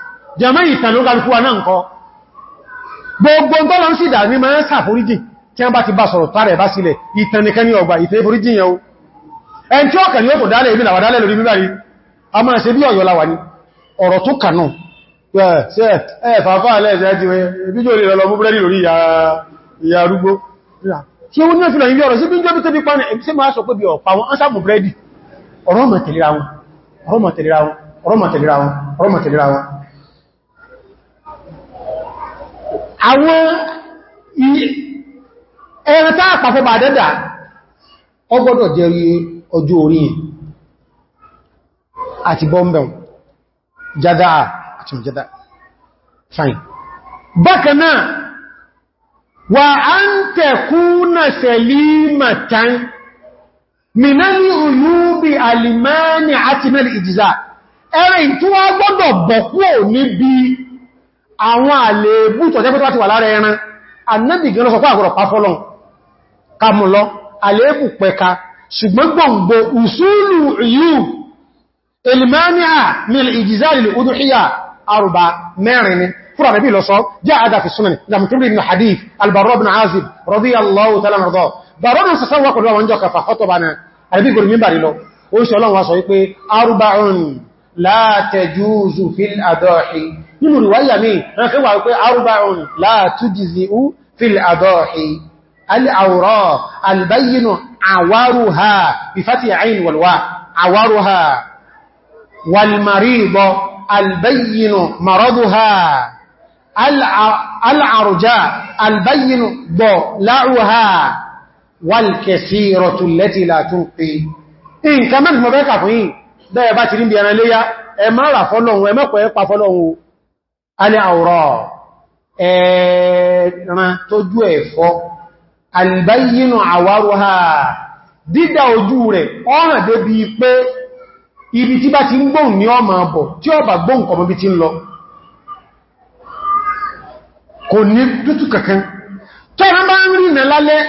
jẹmọ́ ìtàn ló galùkú wa náà ń kọ́ gbogbo tó lọ ń sì dà ní ma ń sàforíjì tí wọ́n bá ti bá sọ̀rọ̀ tààrẹ bá sílẹ̀ ìtànìkan ní ọgbà ìfẹ́ foríjì yẹn o ẹn tí ọkà ní ó tó dálẹ̀ ibi làwà dálẹ̀ lórí bíbárí a máa ṣe bí ọ̀yọ́ láwà ní ọ̀rọ̀ tó kànú ọ̀rọ̀ mọ̀ tẹ̀lera wọn àwọn ẹran tá àpàfọ́ bà dẹ́dà ọgbọ́dọ̀ jẹ́rí ọjọ́ orí yìí àti bọ́m̀bẹ̀m jádá àti jádá fine bákan náà wà á ń tẹ̀kúnà sẹ̀límàtán mìnàlì olúbi alìmáni àti mẹ́lì ìjìzà ẹ̀rẹ̀ ìtúwà gbọ́dọ̀ bọ̀kú ò àwọn àlèébù tó jẹ́ pé tó ti wà lára ẹran annabi gan lọ sọ pé àgbọ̀rọ̀ pàfọ́lọ́n kàmùlọ àlèébù pẹ̀ka ṣùgbọ́n gbọ̀ngbò usulu yíò elmania mil ìjìzárìlì udúhíyà arùbá mẹ́rin ni fúra rẹ̀ bí lọ sọ jẹ́ àdáfi súnmọ̀ ìdàmùtúrí ibn hadith albarro ibn azib radiyallahu ta'ala anhu barro ibn sassan wakọ̀ lọ́wọ́ jọ kafa khutbana àrẹ́bí gòrò mímbàrí lọ ó ṣe ọlọ́run wá sọ wípé arba'un la tajuzu fil adọ́hi nínú ríwáyà mi rán kí wà pé arúbárùn láàtú jìzì ú fil àdọ́ọ̀hì al'aurọ̀ albayyinu àwárùhà bifati àìn wàlwà àwárùhà walmaribọ albayyinu maradùhà al'arujá albayyinu bọ̀ láàrùhà walkẹsìrọ̀tù lẹ́tì látún pé in kamar mọ̀bẹ́kà fún yìí bẹ́ẹ̀ bá ti aláàwòrọ̀ ẹ̀ẹ̀ran tó jú ẹ̀fọ́ awaru ha dídá ojú rẹ̀ ọ̀ràn débi pé ibi tí bá ti ń gbóhùn ní ọmọ ọbọ̀ tí ó bá gbóhùn kọmọ bí ti ń lọ kò ní dútù kankan tó ẹ̀rọ bá ń rìnà lálẹ́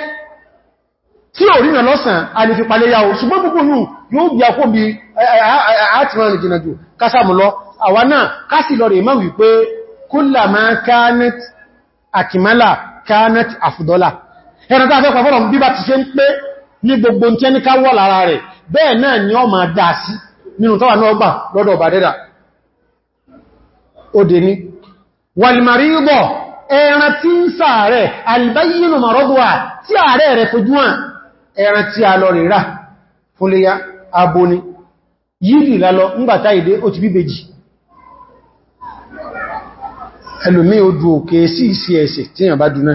tí ò rìnà lọ́sàn a lè fi palẹ̀ ṣùgbọ́n nù yóò bí akó bí ìjìnàjò kásàmù lọ àwa náà كلما كانت أكملة كانت أفضلة ẹ̀rọ tàbí ọkọ̀ fọ́rọ̀ bí bá ti ṣe ń pé ní gbogbo tí ẹni ká wọ́ lára rẹ̀ bẹ́ẹ̀ náà ni ọ máa dá sí nínú tọ́wà náà gbà lọ́dọ̀ òdè ẹran tí ń sàárẹ̀ alìbáyínú mọ̀rọ́dùwà tí ààrẹ rẹ̀ fojú aboni yìí ìdé ẹlòmí ó du òkè sí ìsí ẹsẹ̀ tí yàn bá dúná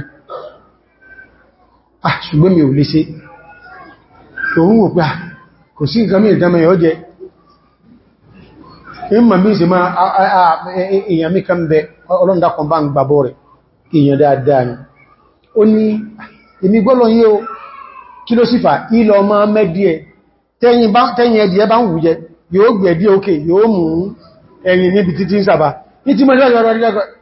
ah ṣùgbọ́n mi ò lè ṣe òun wò pé ah, kò sí nǹkan mí ìdámẹ́ yọ jẹ ìmọ̀ bí i ṣe máa e, e, èèyàn mí kan bẹ ọlọ́ndakọ̀ bá ń gbàbọ́ rẹ̀ èèyàn dáadáa ni ó ní èmi gbọ́lọ̀ yí o kí ló sífà ilọ̀ ẹ̀yìn níbi títí ń sàbà ní tí mọ́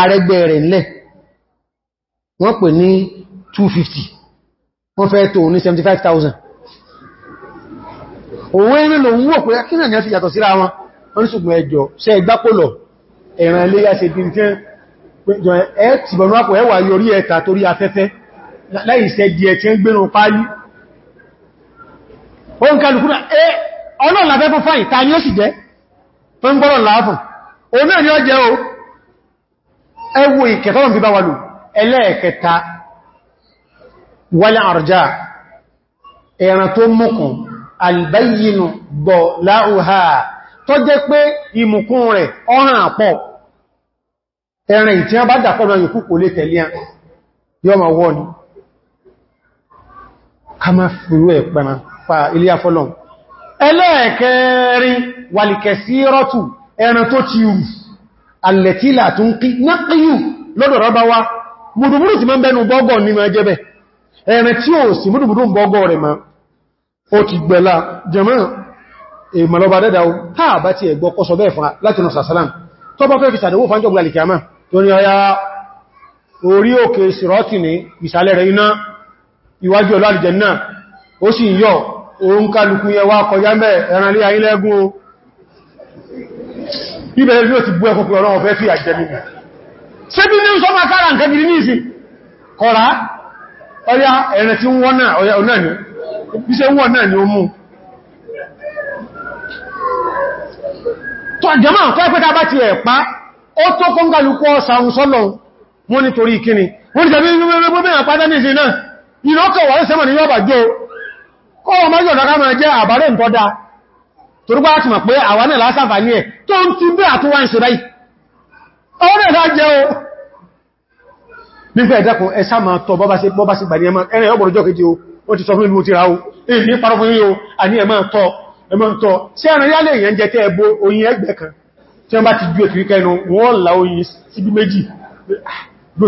arẹgbẹ́ rẹ̀ lẹ̀ wọ́n pè ní 250 wọ́n fẹ́ tó ní 75,000 òun ẹ̀rin lò ń wò pé kí náà ni a fi yàtọ̀ síra wọn wọ́n ṣùgbọ́n ẹjọ́ ṣe ìgbápòlọ̀ ẹ̀ràn ilé yá ṣe bí tí ẹ ti bọ̀nú àpò ẹwà yorí ẹta torí afẹ́fẹ́ láìṣẹ́ díẹ̀ tí ń gbénu pálí ó ń kálukú náà ẹ ọlọ́ọ̀lá fẹ́ fún fáìn ta ni ó sì jẹ́ tó ń gbọ́rọ̀ láàfún òun náà ni ó jẹ́ o ẹwọ ìkẹtọ́rùn bí bá ẹlẹ́ẹ̀kẹta wàlẹ̀ àrùjá ẹ̀ràn tó mọ́kùn albayyinu bọ̀ láhùhá tó jẹ́ pé ìmùkún rẹ̀ ọ̀ràn àpọ̀ ẹ̀rìn tí a bá dàpọ̀nà yìí kúkò lè tẹ̀lé ni pa tó alẹ̀tílà tún kí náàkíyù lọ́dọ̀ rọ́bá wá múdùmúdù ti máa ń bẹnu bọ́gọ̀ ní máa jẹ́bẹ̀ ẹ̀rẹ̀ tí ó sì múdùmúdù bọ́gọ̀ rẹ̀ ma ó ti gbẹ̀lá jẹ́mọ́ ìmọ̀lọ́bà dẹ́dà ó tààbá ti ẹ̀gbọ́ kọ́sọ bẹ́ẹ̀ fún láti nù sàsálàm tó bá fẹ́ fi sàdẹ̀wó fánjọ́ gbà lìkàmà ibẹ̀rẹ̀ ló ti bú ẹkùn pẹ̀lú ọ̀rọ̀ ọ̀fẹ́ fi àjẹmí ṣe bí ní ń sọ máa kára nǹkan gidi ní ìsìn kọ̀rá ọya ẹ̀rẹ̀ tí wọ́n náà ọya ọ̀nà ni bí ṣe wọ́n náà ni ó mú tó àjẹmá tó ẹgbẹ́ta bá ti ẹ̀pá ó tó kọ́ngàlùkọ́ sàúnsọ́lọ̀ wọ́n nítorí kíni wọ́n ti tẹ̀bí torúgbà láti mọ̀ pé àwọn náà lásàfà ní ẹ̀ tó ń ti bí àtúwà ń ṣe báyìí ọwọ́n ẹ̀dá jẹ́ o nígbà ẹ̀dẹ́kùn ẹsà máa tọ bọ́bá sí gbà ní ẹmọ ẹ̀rẹ̀ ọgbọ̀rọ̀jọ́ kejì o wọ́n ti sọ fún ìlú ti ra o ní parọ́ fún yíò àní ẹmọ́ tọ́ ẹmọ́ tọ́ sí ẹran yálẹ̀ èèyàn jẹ ah,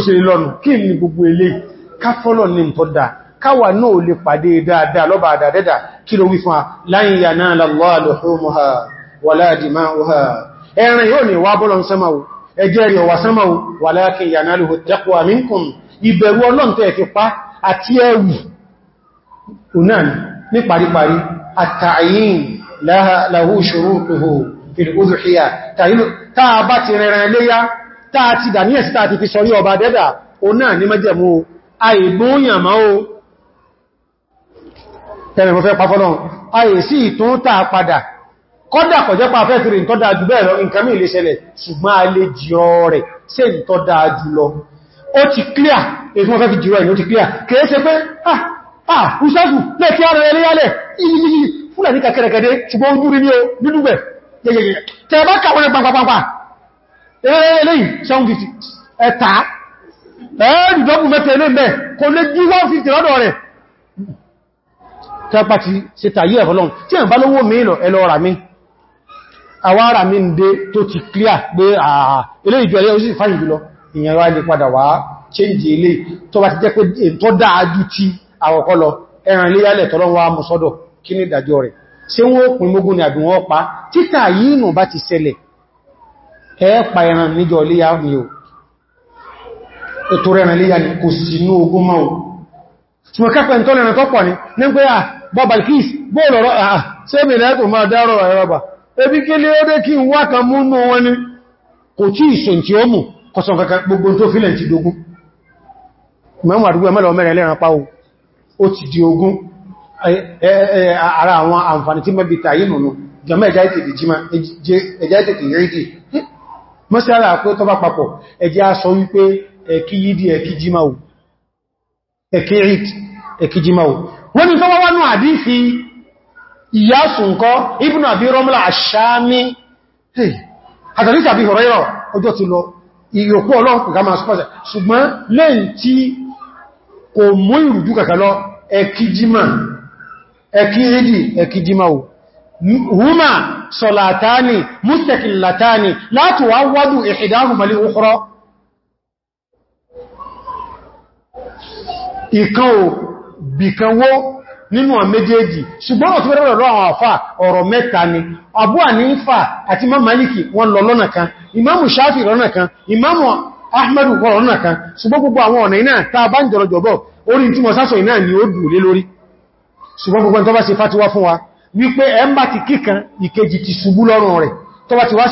ni gbogbo eléyìí káfọ́lọ̀ káwà náà lè pàdé dáadáa lọ́bà àdádẹ́dà kí ló wí fún a lan yanala Allaha luhumuha wala dima'uha ẹ̀rin yóò ní wá bọ́lọ̀ sánmàwó ẹjẹ́ rí ọwà sánmàwó walakin yanaluhu taqwa minkum ìbẹ̀rù ọlọ́ntẹ́ ẹ̀fipá àti ẹ̀wù fi sọ rí ọba tẹ́mẹ̀ mọ́fẹ́ pàfọ́nà ayè sí ìtún tàà padà kọ́dà kọjẹ́ pa fẹ́ fìrì tọ́dà jù bẹ́ẹ̀ lọ nǹkan mí lè ṣẹlẹ̀ ṣùgbọ́n a lè jìrọ rẹ̀ sí ìtọ́dà jù lọ ó ti clear èyí wọ́n fẹ́ fi jìrọ ẹ̀ ó ti clear kìí ṣe pé ah ah usafu lè fi ara rẹ̀ yálẹ̀ yìí fúlàní kàkẹrẹkẹrẹ ṣùgbọ́n ojú rí ní o nínú bẹ̀ tẹ́ bá kàwọn pàpàpàpà eléyìí 750 ẹ̀ta ẹ̀ẹ́dùdọ́gùn mẹ́tẹ̀ẹ́lẹ́ mẹ́ kò lè jí 150 lọ́dọ̀ rẹ̀ tẹ́pá ti ṣe tàyí ẹ̀fọ́lọ́n tí ẹ̀bá lówó mìíràn ẹlọ ọ̀rà mi àwárà mi ń dé tó ti clear pé àà ilé ìjọ ilé òsì fáyìn jùlọ ìyẹn lè padà wá change ilé tó bá ti jẹ́ pé tó dáájú ti àwọ̀kọ́ lọ ẹran ilé yálẹ̀ tọ́lọ́ wá mú sọ́dọ̀ kí ní ìdájọ́ rẹ̀ ṣé wọ́n pín mógún ni àbí wọ́n pa títà yìí nù bá ti ṣẹlẹ̀ ẹ ṣùgbọ́n kẹ́pẹ̀ ń tọ́pọ̀ ní pé à bọ́bà kìís bóòlọ̀rọ̀ àà ah, ah, ṣe mẹ́rin ẹ̀tò máa dárọ̀ ẹ̀rọba ebi kí lé ọdẹ́ kí wá kan múnú wọn ni kò tí ìṣẹ́ tí ó mù kọsàn kankan gbogbo tó fílẹ̀ ti dogun mẹ́wàá àdúgbò ẹmẹ́lọ mẹ́rin ẹlẹ́ran pa ó ti di ogun ara àwọn àǹfààní tí mẹ́bi tààyè nùnú jẹmọ́ ẹjá ìtẹ̀kì wọ́n ni tó wọ́n wánú àdífi ìyásùnkọ́ ibùn àbí rọ́mùlà àṣámi àtàrísà bí ọ̀rọ̀ ìrọ̀ ọjọ́ ti lọ ìyòkú ọlọ́run huma sọ̀látání mústẹ̀kìlátání láti wá wádùn ìhìdáhùn balé òkúrọ́ ìkan ò bìkanwó nínú eji ṣùgbọ́n ọ̀tí mẹ́rẹ̀ lọ́rọ̀ àwọn àfà ọ̀rọ̀ mẹ́ta ni Abu Hanifa àti Imam Maliki wọ́n lọ lọ́nà kan Imamu Shafi lọ́nà kan Imamu Ahmadu wọ́n lọ́nà kan ṣùgbọ́n gbogbo àwọn ọ̀nà iná ta bá ń jọrọjọ̀bọ̀ orí tí mọ̀ sásọ iná ni ó dùn fatiwa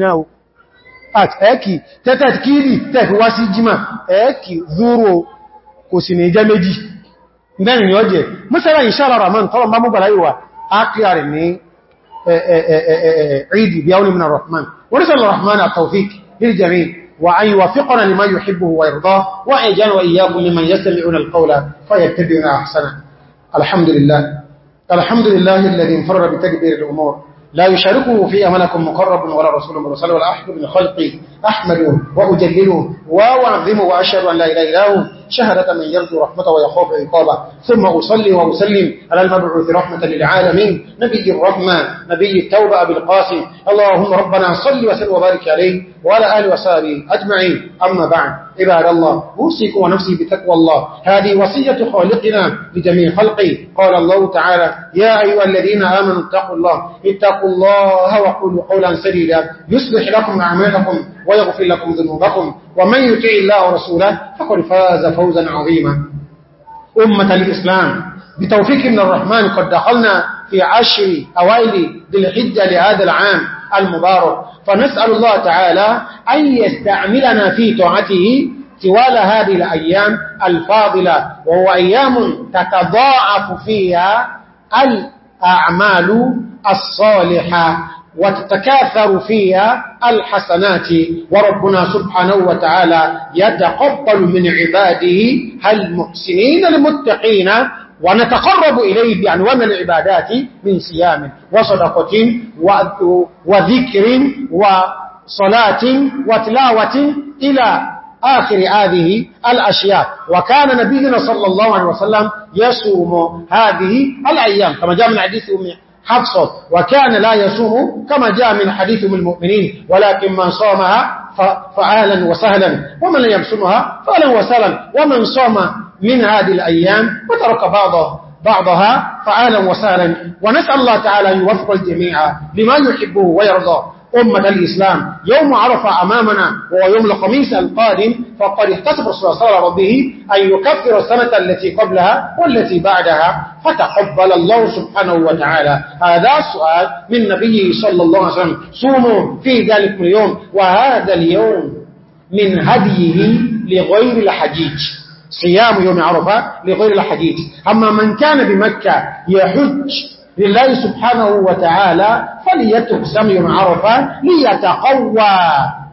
wa ti at ẹ́kì tẹ́tẹ̀ kiri wá sí jímà ẹ́kì zúrò kò sì ní jẹ́ méjì mẹ́rin ni ó jẹ́ mọ́sára ìṣàrà rahman tọ́lọ bá múgbàrá ìwà akiyare ní rídì bí áwọn ìmìnà rahman orísọ̀lọ̀ rahman lil lìjẹ̀rí wa an yuwafiqana liman yuhibbuhu wa yarda wa ajal wa iyyakum liman yastami'una alqawla fa yattabi'una ahsana alhamdulillah alhamdulillah alladhi farra bi tadbiri al-umur لا يشاركه في أمانكم مقرب ولا رسول رسول ولا أحد من خلقه أحمده وأجلله وأعظمه وأشهد أن لا إله إلا هو شهادة من يرجو رحمته ويخاف عقابه ثم أصلي وأسلم على المبعوث رحمة للعالمين نبي الرحمة نبي التوبة أبي القاسم اللهم ربنا صل وسل وبارك عليه وعلى آل وسابه أجمعين أما بعد عباد الله أوصيكم ونفسي بتقوى الله هذه وصية خالقنا لجميع خلقه قال الله تعالى يا أيها الذين آمنوا اتقوا الله اتقوا الله وقولوا قولا سديدا يصلح لكم أعمالكم ويغفر لكم ذنوبكم ومن يطع الله ورسوله فقد فاز فوزا عظيما أمة الإسلام بتوفيق من الرحمن قد دخلنا في عشر أوائل ذي الحجة لهذا العام المبارك فنسأل الله تعالى أن يستعملنا في طاعته طوال هذه الأيام الفاضلة وهو أيام تتضاعف فيها الأعمال الصالحة وتتكاثر فيها الحسنات وربنا سبحانه وتعالى يتقبل من عباده المحسنين المتقين ونتقرب إليه بعنوان العبادات من صيام وصدقة وذكر وصلاة وتلاوة إلى آخر هذه الأشياء وكان نبينا صلى الله عليه وسلم يصوم هذه الأيام كما جاء من حديث أم حفصة وكان لا يصوم كما جاء من حديث من المؤمنين ولكن من صامها فعالا وسهلا ومن لم يصومها فعلا وسهلا ومن صام من هذه الأيام وترك بعضه بعضها فعالا وسهلا ونسأل الله تعالى أن يوفق الجميع لما يحبه ويرضى أمة الإسلام يوم عرفة أمامنا وهو يوم الخميس القادم فقد احتسب رسول الله صلى ربه أن يكفر السنة التي قبلها والتي بعدها فتقبل الله سبحانه وتعالى هذا السؤال من نبيه صلى الله عليه وسلم صوموا في ذلك اليوم وهذا اليوم من هديه لغير الحجيج صيام يوم عرفة لغير الحجيج أما من كان بمكة يحج لله سبحانه وتعالى فليترك سمي عرفا ليتقوى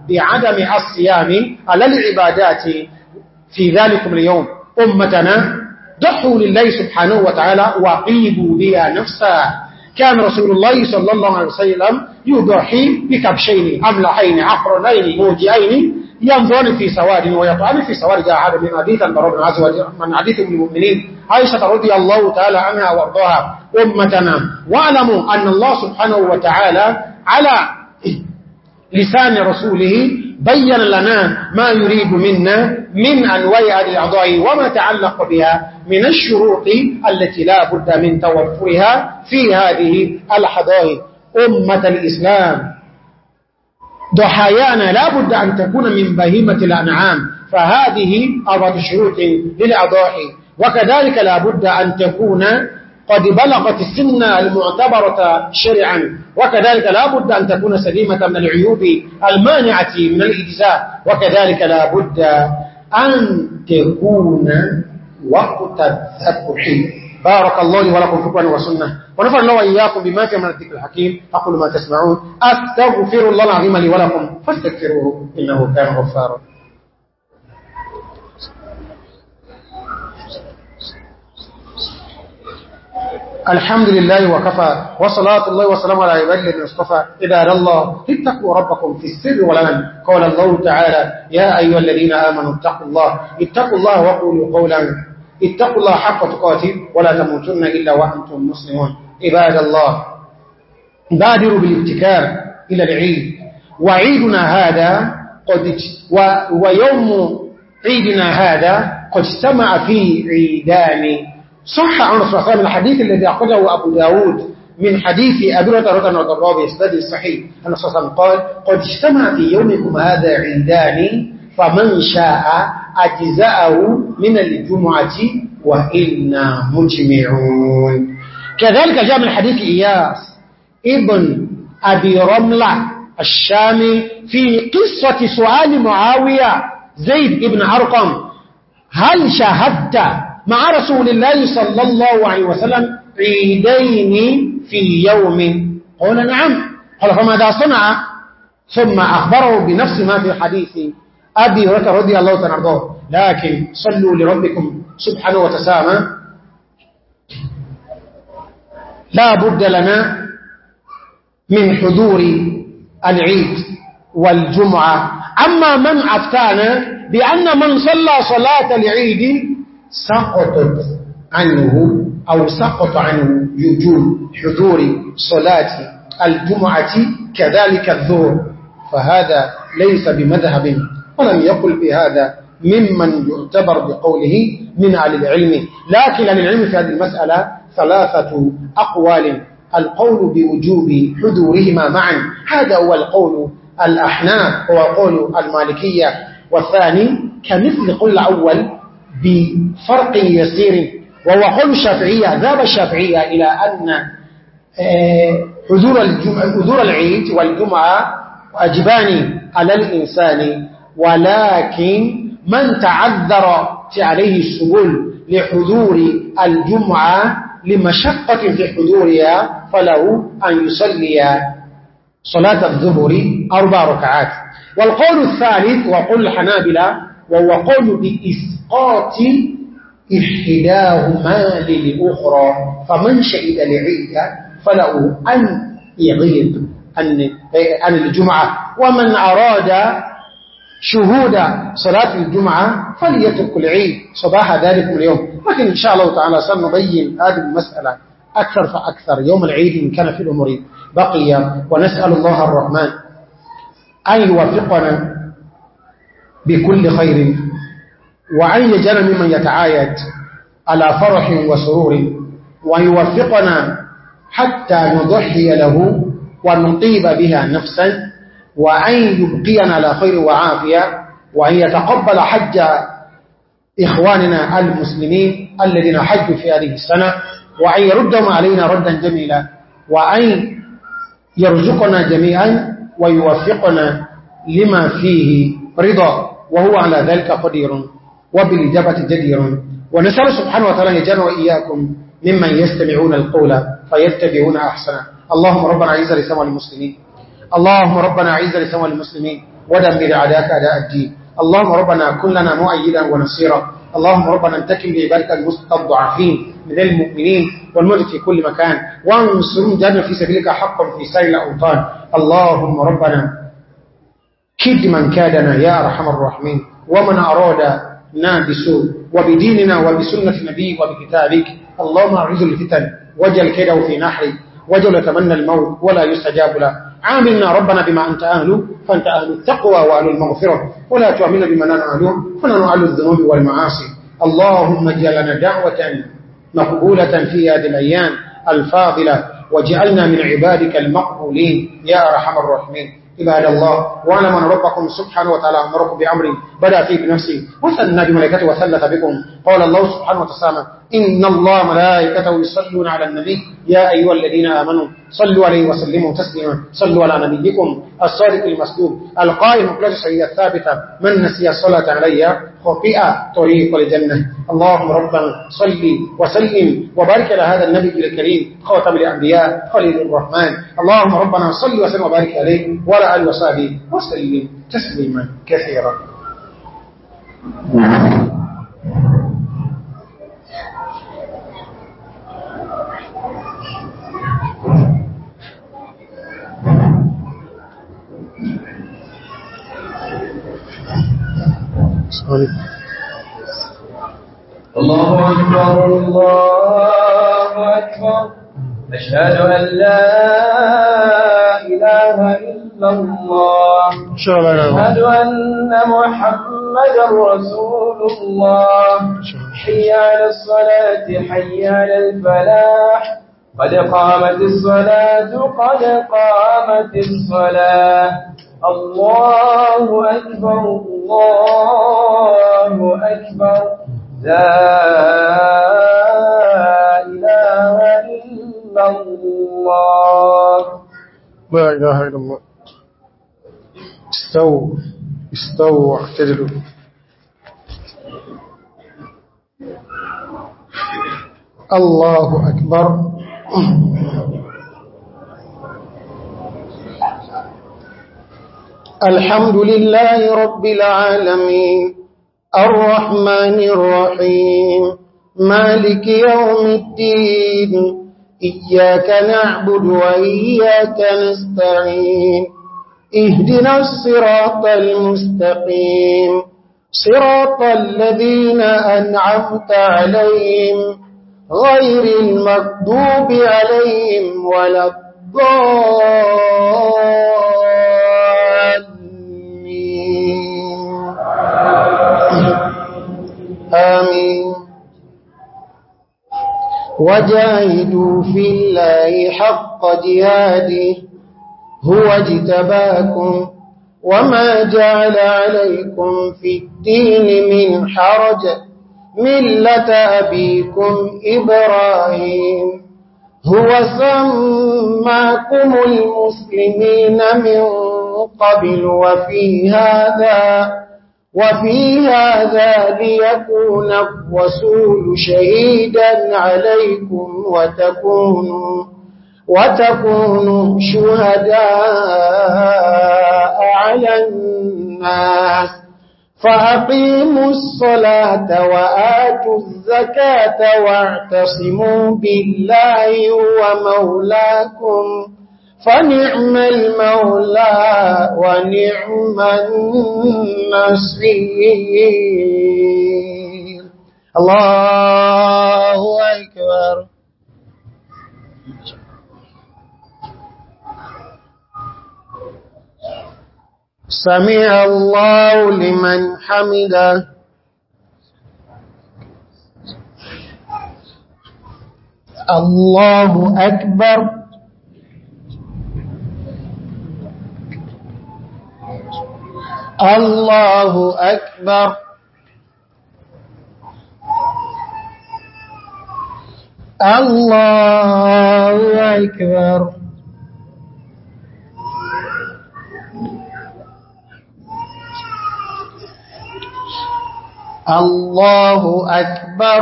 بعدم الصيام على العبادات في ذلكم اليوم أمتنا ضحوا لله سبحانه وتعالى وقيبوا بها نفسا كان رسول الله صلى الله عليه وسلم يضحي بكبشين أملحين عفرنين موجئين ينظر في سواد ويطعن في سواد جاء هذا من حديث المرون عز وجل من حديث المؤمنين عائشة رضي الله تعالى عنها وارضاها أمتنا واعلموا أن الله سبحانه وتعالى على لسان رسوله بيّن لنا ما يريد منا من أنواع الأعضاء وما تعلق بها من الشروط التي لا بد من توفرها في هذه الحضائق أمة الإسلام ضحايانا لا بد أن تكون من بهيمة الأنعام فهذه أربعة شروط للأعضاء وكذلك لا بد أن تكون قد بلغت السن المعتبرة شرعا وكذلك لا بد أن تكون سليمة من العيوب المانعة من الإجزاء وكذلك لا بد أن تكون وقت الذبح بارك الله لي ولكم فكرا وسنة ونفر الله وإياكم بما في من الذكر الحكيم أقول ما تسمعون أستغفر الله العظيم لي ولكم فاستغفروه إنه كان غفارا الحمد لله وكفى وصلاة الله وسلام على عباد الله اصطفى عباد الله اتقوا ربكم في السر والأمن قال الله تعالى يا أيها الذين آمنوا اتقوا الله اتقوا الله وقولوا قولا اتقوا الله حق تقاتل ولا تموتن إلا وأنتم مسلمون عباد الله بادروا بالابتكار إلى العيد وعيدنا هذا قد و... ويوم عيدنا هذا قد اجتمع في عيدان صح عن رسول الله الحديث الذي أخرجه أبو داود من حديث أبي رضا رضا الرابي إسناده الصحيح أن رسول الله قال قد اجتمع في يومكم هذا عيدان فمن شاء أجزاءه من الجمعة وإنا مجمعون كذلك جاء من حديث إياس ابن أبي رملة الشامي في قصة سؤال معاوية زيد ابن عرقم هل شاهدت مع رسول الله صلى الله عليه وسلم عيدين في يوم قال نعم قال فماذا صنع ثم أخبره بنفس ما في حديث أبي هريره رضي الله عنه لكن صلوا لربكم سبحانه وتسامى لا بد لنا من حضور العيد والجمعة أما من أفتانا بأن من صلى صلاة العيد سقطت عنه أو سقط عنه يجوب حضور صلاة الجمعة كذلك الظهر فهذا ليس بمذهب ولم يقل بهذا ممن يعتبر بقوله من أهل العلم لكن أهل العلم في هذه المسألة ثلاثة أقوال القول بوجوب حضورهما معا هذا هو القول الأحناف هو قول المالكية والثاني كمثل قول الأول بفرق يسير وهو قول الشافعية ذهب الشافعية إلى أن آه، حضور العيد والجمعة واجبان على الإنسان ولكن من تعذر عليه السبل لحضور الجمعة لمشقة في حضورها فله أن يصلي صلاة الظهر أربع ركعات والقول الثالث وقول الحنابلة وهو قول مشقات إحداهما للأخرى فمن شهد لعيد فله أن يغيب عن الجمعة ومن أراد شهود صلاة الجمعة فليترك العيد صباح ذلك اليوم لكن إن شاء الله تعالى سنبين هذه المسألة أكثر فأكثر يوم العيد إن كان في الأمر بقي ونسأل الله الرحمن أن يوفقنا بكل خير وأن يجعلنا ممن يتعايد على فرح وسرور ويوفقنا حتى نضحي له ونطيب بها نفسا وأن يبقينا على خير وعافية وأن يتقبل حج إخواننا المسلمين الذين حجوا في هذه السنة وأن يردهم علينا ردا جميلا وأن يرزقنا جميعا ويوفقنا لما فيه رضا وهو على ذلك قدير وبالإجابة جدير ونسأل سبحانه وتعالى يجعل وإياكم ممن يستمعون القول فيتبعون أحسنه اللهم ربنا عز لسوى المسلمين اللهم ربنا عز لسوى المسلمين ودمر عداك أداء الدين اللهم ربنا كن لنا مؤيدا ونصيرا اللهم ربنا انتكم لعبادك المستضعفين من المؤمنين والمؤمن في كل مكان وانصرهم جانا في سبيلك حقا في سائل الأوطان اللهم ربنا كد من كادنا يا أرحم الراحمين ومن أراد ناكسون وبديننا وبسنة نبي وبكتابك اللهم أعز الفتن وجل كده في نحري وجل يتمنى الموت ولا يستجاب له عاملنا ربنا بما أنت أهل فأنت أهل التقوى وأهل المغفرة ولا تؤمن بما لا نعلم فنحن أهل الذنوب والمعاصي اللهم اجعلنا دعوة مقبولة في هذه الأيام الفاضلة وجعلنا من عبادك المقبولين يا أرحم الراحمين عباد الله وعلم أن ربكم سبحانه وتعالى أمركم بأمر بدأ فيه بنفسه وثنى بملكته وثلث بكم قال الله سبحانه وتعالى إن الله ملائكته يصلون على النبي يا أيها الذين آمنوا صلوا عليه وسلموا تسليما صلوا على نبيكم الصادق المسلوب القائم قلت سيدة الثابتة من نسي الصلاة علي خطئ طريق الجنة اللهم ربنا صلي وسلم وبارك على هذا النبي الكريم خاتم الأنبياء خليل الرحمن اللهم ربنا صلي وسلم وبارك عليه وعلى أل وصحبه وسلم تسليما كثيرا Thank نعم. you. الله أكبر الله أكبر أشهد أن لا إله إلا الله أشهد أن محمدا رسول الله حي على الصلاة حي على الفلاح قد قامت الصلاة قد قامت الصلاة الله أكبر الله أكبر لا إله إلا الله لا إله إلا الله استو استو اعتدلوا الله أكبر الحمد لله رب العالمين الرحمن الرحيم مالك يوم الدين إياك نعبد وإياك نستعين اهدنا الصراط المستقيم صراط الذين أنعمت عليهم غير المكذوب عليهم ولا الضال آمين وجاهدوا في الله حق جهاده هو اجتباكم وما جعل عليكم في الدين من حرج ملة أبيكم إبراهيم هو سماكم المسلمين من قبل وفي هذا وفي هذا ليكون الرسول شهيدا عليكم وتكونوا وتكونوا شهداء على الناس فأقيموا الصلاة وآتوا الزكاة واعتصموا بالله ومولاكم فنعم المولى ونعم النصير الله أكبر سمع الله لمن حمده الله أكبر الله أكبر الله أكبر الله أكبر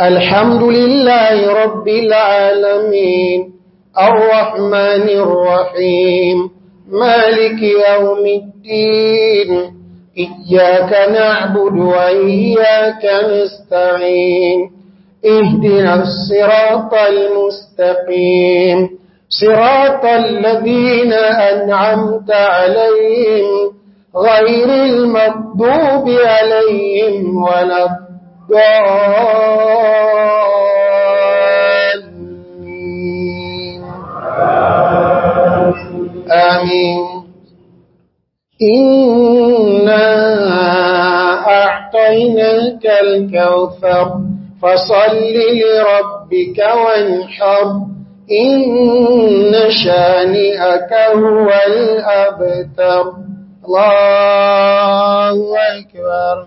الحمد لله رب العالمين الرحمن الرحيم مالك يوم الدين إياك نعبد وإياك نستعين اهدنا الصراط المستقيم صراط الذين أنعمت عليهم غير المكذوب عليهم ولا الضالين آمين إنا أعطيناك الكوثر فصل لربك وانحر إن شانئك هو الأبتر الله أكبر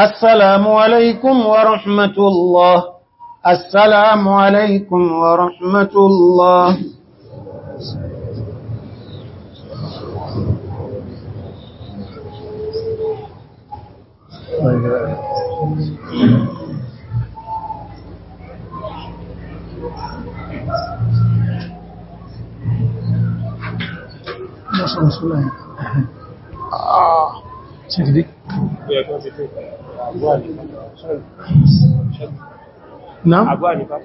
السلام عليكم ورحمة الله السلام عليكم ورحمة الله ما شاء الله آه شكدي Náà?